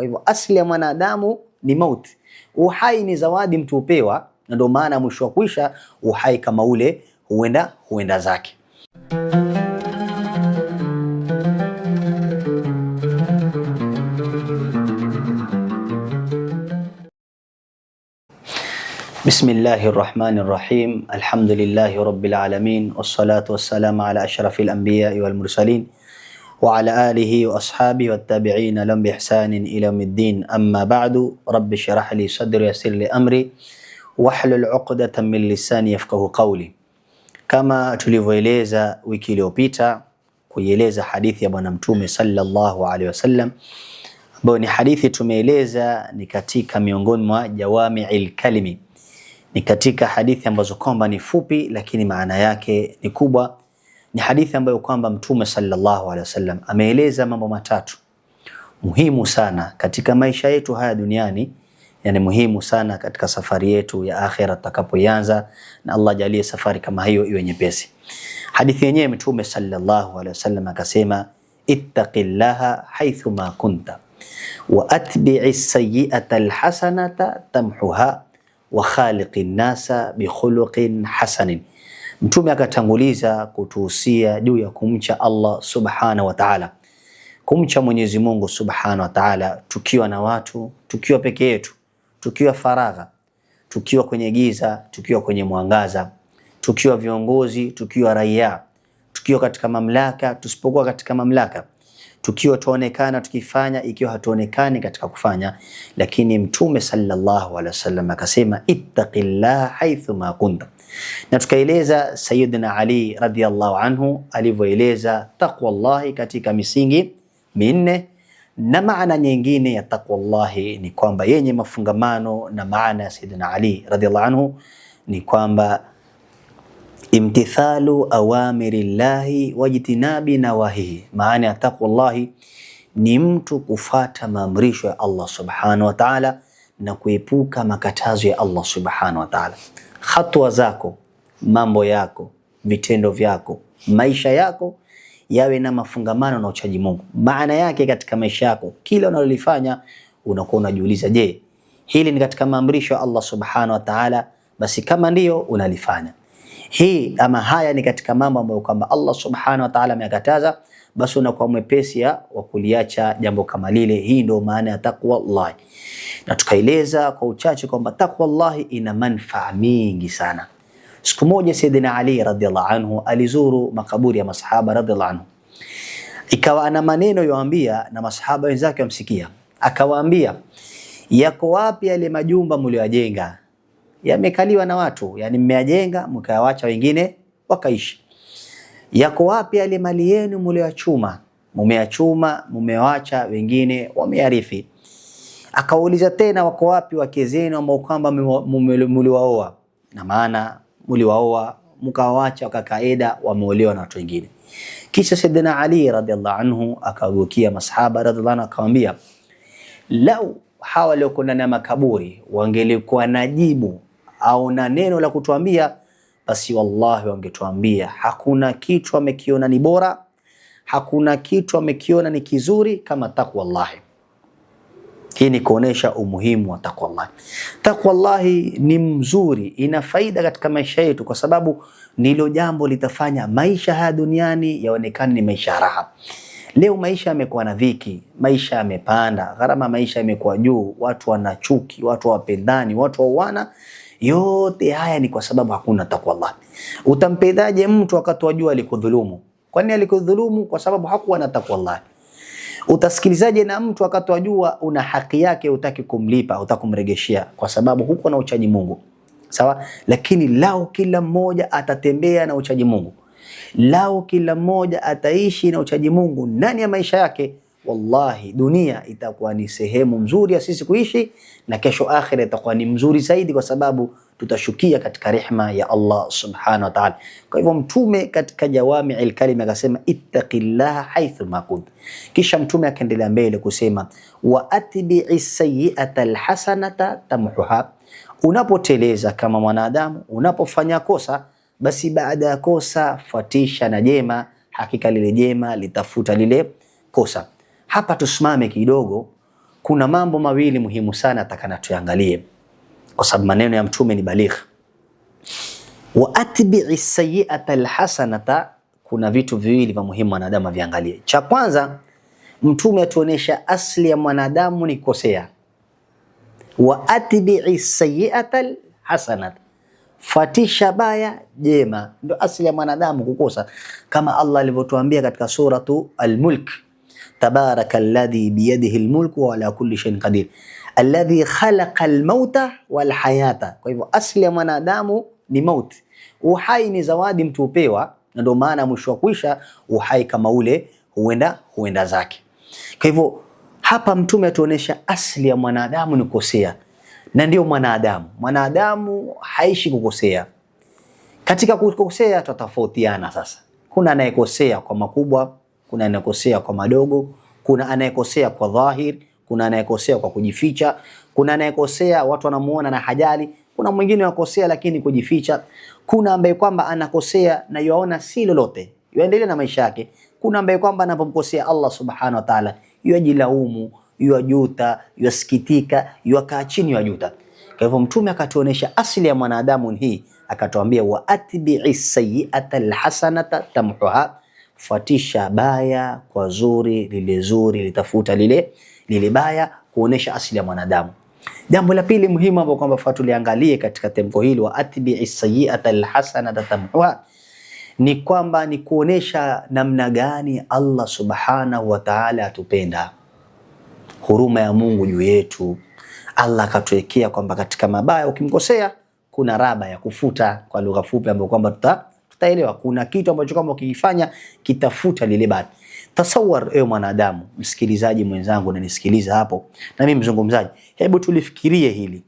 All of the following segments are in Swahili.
Kwa hivyo asili ya mwanadamu ni mauti. Uhai ni zawadi mtu mtupewa, na ndio maana mwisho wa kuisha uhai kama ule huenda huenda zake. بسم الله الرحمن الرحيم الحمد لله رب العالمين والصلاة والسلام على أشرف الأنبياء والمرسلين وعلى آله وأصحابه والتابعين لهم بإحسان إلى يوم الدين أما بعد رب شرح لي صدر يسر لي أمري واحلل عقدة من لساني يفقه قولي كما تليفويليزا ويكي لوبيتا كويليزا حديث يبنى متومي صلى الله عليه وسلم بوني حديث تميليزا نكاتيكا ميونغون موا جوامع الكلمي نكاتيكا حديث ينبزو كومبا نفوبي لكن معنا ياكي نكوبا ni hadithi ambayo kwamba Mtume sallallahu alaihi wasallam ameeleza mambo matatu muhimu sana katika maisha yetu haya duniani, yani muhimu sana katika safari yetu ya akhira tutakapoianza, na Allah jalie safari kama hiyo iwe nyepesi. Hadithi yenyewe Mtume sallallahu alaihi wasallam akasema, ittaqillaha ma kunta wa atbi'i sayyi'ata alhasanata tamhuha wa khaliqin nasa bikhuluqin hasanin Mtume akatanguliza kutuhusia juu ya kumcha Allah subhanahu wa ta'ala, kumcha Mwenyezi Mungu subhanahu wa ta'ala, tukiwa na watu, tukiwa peke yetu, tukiwa faragha, tukiwa kwenye giza, tukiwa kwenye mwangaza, tukiwa viongozi, tukiwa raia, tukiwa katika mamlaka, tusipokuwa katika mamlaka, tukiwa tuonekana tukifanya, ikiwa hatuonekani katika kufanya. Lakini Mtume sallallahu alaihi wasallam akasema, ittaqillah haithu ma kunta na tukaeleza Sayyidina Ali radhiallahu anhu alivyoeleza taqwallahi katika misingi minne, na maana nyingine ya taqwallahi ni kwamba yenye mafungamano na maana ya Sayyidina Ali radhiallahu anhu ni kwamba imtithalu awamiri llahi wajtinabi nawahihi. Maana ya taqwallahi ni mtu kufata maamrisho ya Allah subhanahu wa ta'ala na kuepuka makatazo ya Allah subhanahu wa ta'ala hatua zako, mambo yako, vitendo vyako, maisha yako yawe na mafungamano na uchaji Mungu. Maana yake katika maisha yako, kila unalolifanya unakuwa unajiuliza, je, hili ni katika maamrisho ya Allah subhanahu wa ta'ala? Basi kama ndiyo, unalifanya hii ama haya ni katika mambo ambayo kwamba Allah subhanahu wa ta'ala ameyakataza basi unakuwa mwepesi wa kuliacha jambo kama lile. Hii ndio maana ya Allah, na tukaeleza kwa uchache kwamba Allah ina manufaa mingi sana. Siku moja Saidina Ali radhiallahu anhu alizuru makaburi ya masahaba radhiallahu anhu, ikawa ana maneno yoambia na masahaba wenzake wamsikia, akawaambia yako wapi yale majumba mlioyajenga yamekaliwa na watu, yani mmeyajenga mkawacha wengine wakaishi yako wapi yale mali yenu mlioyachuma? Mumeyachuma, mumewacha, wengine wamearifi. Akauliza tena, wako wapi wake zenu ambao kwamba mliwaoa? Na maana mliwaoa mkawacha wakakaida, wameolewa na watu wengine. Kisha Saidina Ali radhiallahu anhu akageukia masahaba radhiallahu anhu akamwambia, lau hawa waliokuwa ndani ya makaburi wangelikuwa na jibu au na neno la kutuambia basi wallahi wangetuambia hakuna kitu amekiona ni bora, hakuna kitu amekiona ni kizuri kama takwallahi. Hii ni kuonesha umuhimu wa takwallahi. Takwallahi ni mzuri, ina faida katika maisha yetu, kwa sababu nilo jambo litafanya maisha haya duniani yaonekane ni maisha raha. Leo maisha yamekuwa na dhiki, maisha yamepanda gharama, maisha yamekuwa juu, watu wana chuki, watu hawapendani, watu wauana yote haya ni kwa sababu hakuna takwa Allah. Utampedaje mtu wakati wajua alikudhulumu? nini alikudhulumu kwa sababu hakuwa na takwa Allah. Utasikilizaje na mtu wakati wajua una haki yake, utaki kumlipa, utakumregeshia kwa sababu huko na uchaji Mungu. Sawa? Lakini lao kila mmoja atatembea na uchaji Mungu, lao kila mmoja ataishi na uchaji Mungu ndani ya maisha yake wallahi dunia itakuwa ni sehemu mzuri ya sisi kuishi, na kesho akhira itakuwa ni mzuri zaidi, kwa sababu tutashukia katika rehma ya Allah subhanahu wa ta'ala. Kwa hivyo Mtume katika jawami al-kalima akasema ittaqillaha haithu ma kunt, kisha Mtume akaendelea mbele kusema wa atbi'i sayyi'ata alhasanata tamhuha, unapoteleza kama mwanadamu, unapofanya kosa, basi baada ya kosa fuatisha na jema, hakika lile jema litafuta lile kosa. Hapa tusimame kidogo, kuna mambo mawili muhimu sana atakana tuyangalie, kwa sababu maneno ya mtume ni baligh. Wa atbi'i sayyi'ata alhasanata, kuna vitu viwili vya muhimu wanadamu viangalie. Cha kwanza, mtume atuonesha asli ya mwanadamu ni kosea Wa atbi'i sayyi'ata alhasanata Fatisha baya jema, ndio asili ya mwanadamu kukosa, kama Allah alivyotuambia katika suratu Al-Mulk tabaraka alladhi biyadihi lmulku wa ala kulli shay'in qadir alladhi khalaqa almauta walhayata. Kwa hivyo asli ya mwanadamu ni mauti, uhai ni zawadi mtu upewa, na ndio maana mwisho wa kuisha uhai kama ule huenda huenda zake. Kwa hivyo hapa Mtume atuonesha asli ya mwanadamu ni kukosea, na ndio mwanadamu mwanadamu haishi kukosea. Katika kukosea tutatofautiana sasa, kuna anayekosea kwa makubwa kuna anayekosea kwa madogo, kuna anayekosea kwa dhahir, kuna anayekosea kwa kujificha, kuna anayekosea watu wanamuona na hajali, kuna mwingine anakosea lakini kujificha, kuna ambaye kwamba anakosea na yuaona si lolote, yuendelee na maisha yake. Kuna ambaye kwamba anapomkosea Allah subhanahu wa ta'ala, yajilaumu, yajuta, yasikitika, yakaa chini, yajuta. Kwa hivyo Mtume akatuonesha asili ya mwanadamu hii, akatuambia wa atbi'i sayyi'ata alhasanata tamhuha fuatisha baya kwa zuri, lile zuri litafuta lile lile baya, kuonesha asili ya mwanadamu. Jambo la pili muhimu ambapo kwamba faa tuliangalie katika temko hili, wa atbi'i sayyi'ata alhasanata tamhuha, ni kwamba ni kuonesha namna gani Allah subhanahu wa ta'ala atupenda, huruma ya Mungu juu yetu. Allah akatuwekea kwamba katika mabaya ukimkosea kuna raba ya kufuta, kwa lugha fupi ambayo kwamba tuta tutaelewa kuna kitu ambacho kama ukifanya kitafuta lile bati. Tasawar, ewe mwanadamu, msikilizaji mwenzangu, unanisikiliza hapo na mimi mzungumzaji, hebu tulifikirie hili.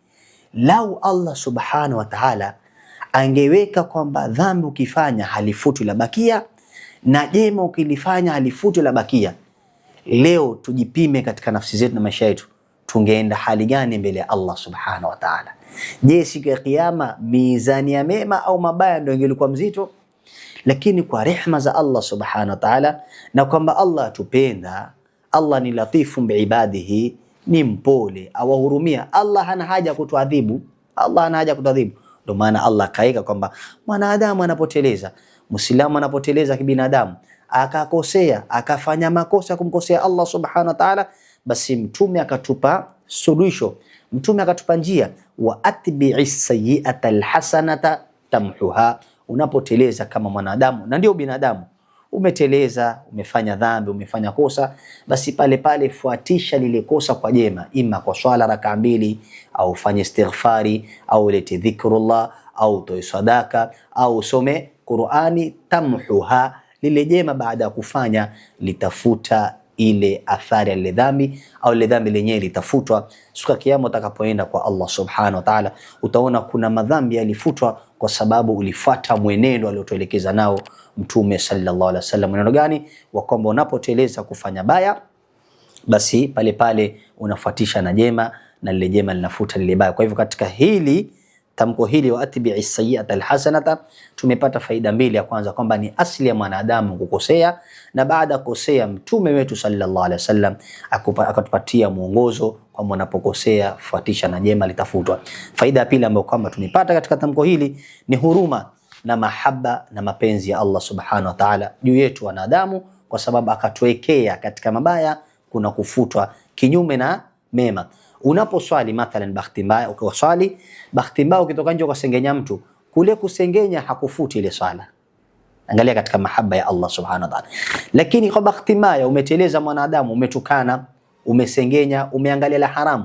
Lau Allah subhanahu wa ta'ala angeweka kwamba dhambi ukifanya halifuti la bakia na jema ukilifanya halifuti la bakia, leo tujipime katika nafsi zetu na maisha yetu, tungeenda hali gani mbele ya Allah subhanahu wa ta'ala? Je, siku ya Kiyama mizani ya mema au mabaya ndio ingelikuwa mzito? lakini kwa rehma za Allah subhanahu wa ta'ala, na kwamba Allah atupenda. Allah ni latifu biibadihi, ni mpole, awahurumia. Allah hana haja kutuadhibu, Allah hana haja kutuadhibu. Ndio maana Allah kaika kwamba mwanadamu anapoteleza, Muislamu anapoteleza kibinadamu, akakosea, akafanya makosa kumkosea Allah subhanahu wa ta'ala, basi mtume akatupa suluhisho, mtume akatupa njia, wa atbi'i sayyi'ata alhasanata tamhuha unapoteleza kama mwanadamu, na ndio binadamu, umeteleza, umefanya dhambi, umefanya kosa, basi pale pale fuatisha lile kosa kwa jema, ima kwa swala raka mbili, au ufanye istighfari, au ulete dhikrullah, au toe sadaka, au usome Qur'ani, tamhuha lile jema. Baada ya kufanya litafuta ile athari ya lile dhambi au lile dhambi lenyewe litafutwa siku ya Kiyama. Utakapoenda kwa Allah subhanahu wa ta'ala, utaona kuna madhambi yalifutwa kwa sababu ulifuata mwenendo aliotuelekeza nao Mtume sallallahu alaihi wasallam. Mwenendo gani? Wa kwamba unapoteleza kufanya baya, basi pale pale unafuatisha na jema, na lile jema linafuta lile baya. Kwa hivyo katika hili tamko hili wa atbi'i sayyi'ata alhasanata, tumepata faida mbili. Ya kwanza kwamba ni asili ya mwanadamu kukosea, na baada ya kukosea mtume wetu sallallahu alaihi wasallam akatupatia mwongozo kwamba unapokosea fuatisha na jema litafutwa. Faida ya pili ambayo kwamba tumepata katika tamko hili ni huruma na mahaba na mapenzi ya Allah subhanahu wa ta'ala juu yetu wanadamu, kwa sababu akatuwekea katika mabaya kuna kufutwa kinyume na mema. Unaposwali mathalan bahati mbaya ukaswali bahati mbaya ukitoka nje ukasengenya mtu, kule kusengenya hakufuti ile swala. Angalia katika mahaba ya Allah subhanahu wa ta'ala. Lakini kwa bahati mbaya umeteleza mwanadamu, umetukana, umesengenya, umeangalia la haramu,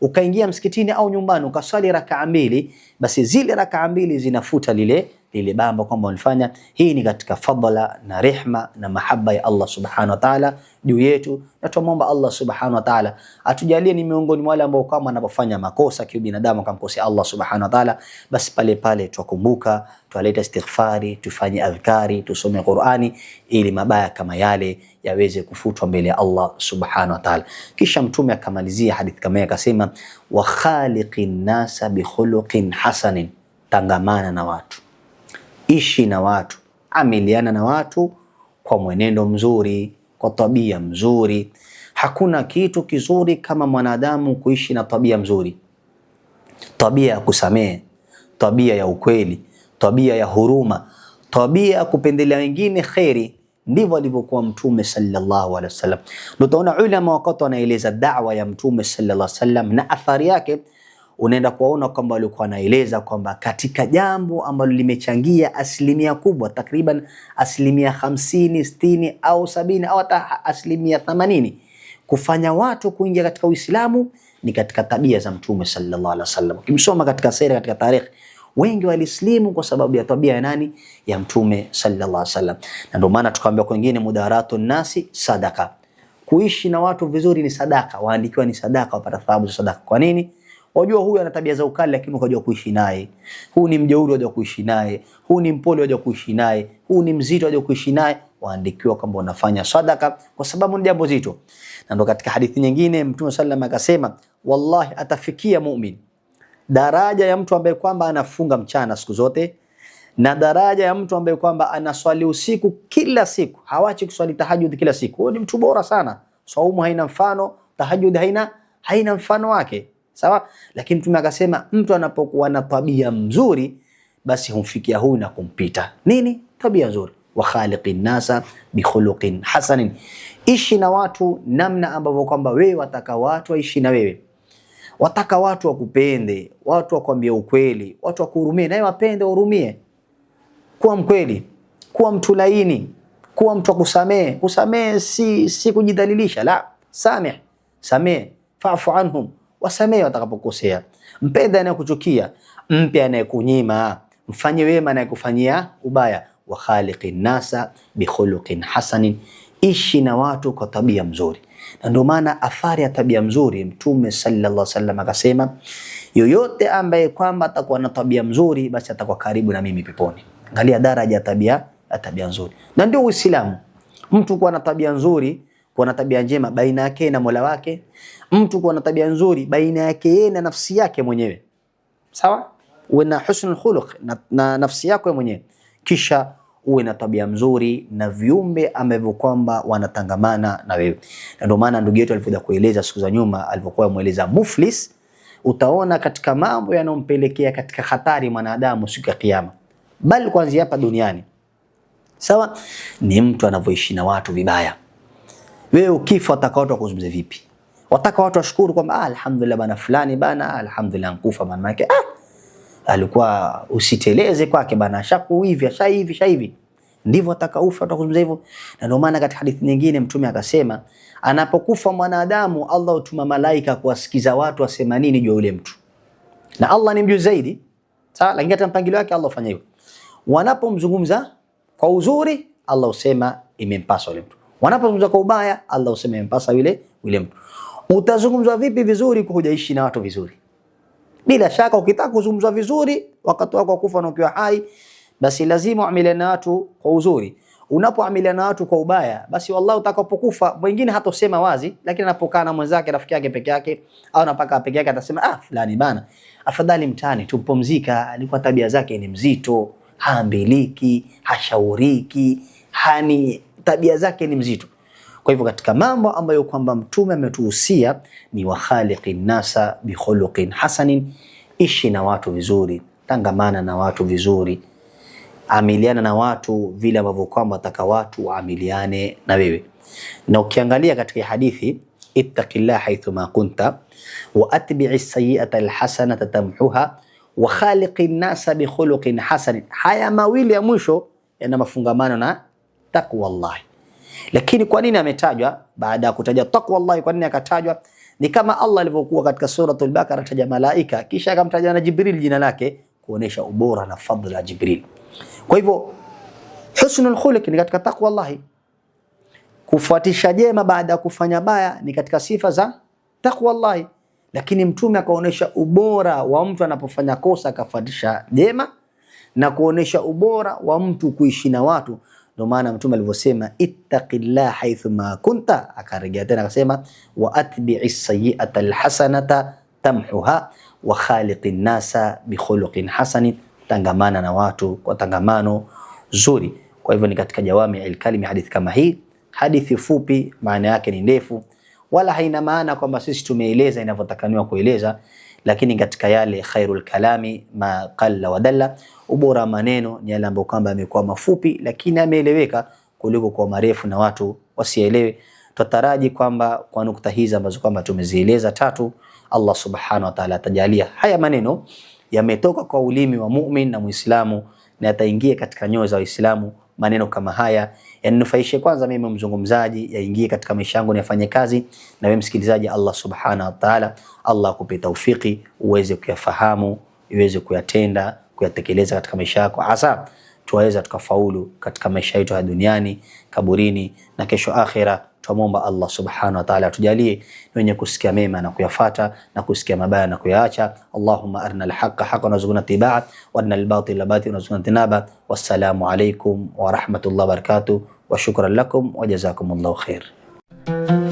ukaingia msikitini au nyumbani ukaswali rakaa mbili, basi zile rakaa mbili zinafuta lile lile bamba kwamba ulifanya. Hii ni katika fadhila na rehma na mahaba ya Allah subhanahu wa ta'ala juu yetu, na tuombe Allah subhanahu wa ta'ala atujalie ni miongoni mwa wale ambao kama anapofanya makosa kwa binadamu akamkosea Allah subhanahu wa ta'ala, basi pale pale twakumbuka, twaleta istighfari, tufanye adhkari, tusome Qur'ani ili mabaya kama yale yaweze kufutwa mbele ya Allah subhanahu wa ta'ala. Kisha Mtume akamalizia hadithi kama yeye akasema, wa khaliqin nasa bi khuluqin hasanin, tangamana na watu ishi na watu, amiliana na watu kwa mwenendo mzuri, kwa tabia mzuri. Hakuna kitu kizuri kama mwanadamu kuishi na tabia mzuri, tabia ya kusamehe, tabia ya ukweli, tabia ya huruma, tabia ya kupendelea wengine kheri. Ndivyo alivyokuwa Mtume sallallahu alaihi wasallam. Ndio ulama wakati wanaeleza dawa ya Mtume sallallahu alaihi wasallam na athari yake unaenda kuwaona kwamba walikuwa wanaeleza kwamba katika jambo ambalo limechangia asilimia kubwa takriban asilimia hamsini, sitini au sabini au hata asilimia themanini kufanya watu kuingia katika Uislamu ni katika tabia za Mtume sallallahu alaihi wasallam. Ukimsoma katika sera, katika tarehe wengi walislimu kwa sababu ya tabia ya nani? Ya Mtume sallallahu alaihi wasallam. Na ndio maana tukaambiwa kwingine, mudaratu nasi sadaka, kuishi na watu vizuri ni sadaka, waandikiwa ni sadaka, wapata thawabu za sadaka. Kwa nini? Wajua huyu ana tabia za ukali, lakini ukajua kuishi naye. Huu ni mjeuri, wajua kuishi naye. Huu ni mpole, wajua kuishi naye. Huu ni mzito, wajua kuishi naye. Waandikiwa kwamba wanafanya sadaka kwa sababu ni jambo zito. Na ndo katika hadithi nyingine Mtume sallam akasema, wallahi atafikia muumini daraja ya mtu ambaye kwamba anafunga mchana siku zote na daraja ya mtu ambaye kwamba anaswali usiku kila siku, hawachi kuswali tahajjud kila siku. Huyo ni mtu bora sana. Saumu haina mfano, tahajjud haina haina mfano wake sawa. Lakini Mtume akasema mtu anapokuwa na tabia mzuri, basi humfikia huyu na kumpita. Nini tabia nzuri? wa khaliqin nasa bi khuluqin hasanin, ishi na watu namna ambavyo kwamba wewe wataka watu waishi na wewe wataka watu wakupende, watu wakwambie ukweli, watu wakuhurumie, nawe wapende wahurumie. Kuwa mkweli, kuwa mtu laini, kuwa mtu akusamehe. Kusamehe si, si kujidhalilisha, la, sameh, samehe, fafu anhum, wasamehe watakapokosea, mpende anayekuchukia, mpe anayekunyima, mfanye wema anayekufanyia ubaya, wa nasa bi hasanin, ishi na watu kwa tabia mzuri. Na ndio maana athari ya tabia mzuri, Mtume sallallahu alaihi wasallam akasema, yoyote ambaye kwamba atakuwa na tabia mzuri, basi atakuwa karibu na mimi peponi. Angalia daraja ya tabia, tabia nzuri, na ndio Uislamu, mtu kuwa na tabia nzuri kuwa na tabia njema baina yake na Mola wake, mtu kuwa na tabia nzuri baina yake yeye na nafsi yake mwenyewe. Sawa, uwe na husnul khuluq na, na nafsi yako mwenyewe, kisha uwe na tabia nzuri na viumbe ambavyo kwamba wanatangamana na wewe. Na ndio maana ndugu yetu alivyokuja kueleza siku za nyuma, alivyokuwa mueleza muflis, utaona katika mambo yanayompelekea katika hatari mwanadamu siku ya kiyama, bali kuanzia hapa duniani. Sawa, ni mtu anavyoishi na watu vibaya wewe ukifa wataka watu wakuzungumze vipi? Wataka watu washukuru kwamba ah, alhamdulillah bana fulani bana, alhamdulillah nkufa maana yake ah, alikuwa usiteleze kwake bana, shaku hivi sha hivi sha hivi, ndivyo wataka ufa watu wakuzungumza hivyo. Na ndio maana katika hadithi nyingine Mtume akasema anapokufa mwanadamu Allah hutuma malaika kuwasikiza watu wasema nini juu yule mtu, na Allah ni mjuzi zaidi, sawa. Lakini katika mpangilio wake Allah hufanya hivyo, wanapomzungumza kwa uzuri Allah usema imempasa yule mtu Wanapozungumza kwa ubaya, Allah useme mpasa yule yule mtu. Utazungumza vipi vizuri kuhujaishi na watu vizuri? Bila shaka ukitaka kuzungumza vizuri wakati wako kufa na ukiwa hai, basi lazima uamile na watu kwa uzuri. Unapoamiliana na watu kwa ubaya, basi wallahi utakapokufa mwingine hatosema wazi, lakini anapokaa na mwenzake, rafiki yake peke yake au anapaka peke yake, atasema ah, fulani bana, afadhali mtani tumpumzika, alikuwa tabia zake ni mzito, haambiliki, hashauriki, hani tabia zake ni mzito. Kwa hivyo katika mambo ambayo kwamba mtume ametuhusia ni khaliqin nasa khuluqin hasanin, ishi na watu vizuri, tangamana na watu vizuri, amiliana na watu vile ambavyo kwamba wataka watu waamiliane na wewe. Na ukiangalia katika hadithi ittaqillah ma kunta wa atbi'i sayyi'ata alhasanata tamhuha wa khaliqin nasa khuluqin hasanin, haya mawili ya mwisho yana mafungamano na taqwallahi. Lakini kwa nini ametajwa baada ya kutaja taqwallahi? Kwa nini akatajwa? Ni kama Allah alivyokuwa katika suratul Bakara ataja malaika kisha akamtaja na Jibril jina lake kuonesha ubora na fadhila ya Jibril. Kwa hivyo husnul khuluq ni katika taqwallahi. Kufuatisha jema baada ya kufanya baya ni katika sifa za taqwallahi. Lakini mtume akaonesha ubora wa mtu anapofanya kosa akafuatisha jema na kuonesha ubora wa mtu kuishi na watu ndio maana mtume alivyosema ittaqillah ma kunta, akarejea tena akasema wa atbi'i sayyi'ata alhasanata tamhuha wa khaliqin nasa bi khuluqin hasani, tangamana na watu kwa tangamano zuri. Kwa hivyo ni katika jawami'il kalimi hadithi kama hii, hadithi fupi, maana yake ni ndefu, wala haina maana kwamba sisi tumeeleza inavyotakaniwa kueleza lakini katika yale khairul kalami ma qalla wa dalla, ubora maneno ni yale ambayo kwamba yamekuwa mafupi lakini yameeleweka kuliko kwa marefu na watu wasielewe. Tutaraji kwamba kwa nukta hizi ambazo kwamba tumezieleza tatu, Allah subhanahu wa ta'ala atajalia haya maneno yametoka kwa ulimi wa mu'min na Muislamu na yataingia katika nyoyo za Waislamu maneno kama haya yaninufaishe kwanza mimi mzungumzaji, yaingie katika maisha yangu niyafanye kazi, na wewe msikilizaji, Allah subhanahu wa ta'ala, Allah akupe taufiki uweze kuyafahamu, uweze kuyatenda, kuyatekeleza katika maisha yako, hasa tuwaweza tukafaulu katika maisha yetu ya duniani, kaburini na kesho akhira. Twamwomba Allah subhanahu wa ta'ala atujalie wenye kusikia mema na kuyafata na kusikia mabaya na kuyaacha. Allahumma arina alhaqa haqqan warzuqna ittibaa wa arina albatila batilan warzuqna ijtinaba. Wassalamu alaykum wa rahmatullahi wa barakatuh wa shukran lakum wa jazakumullahu khair.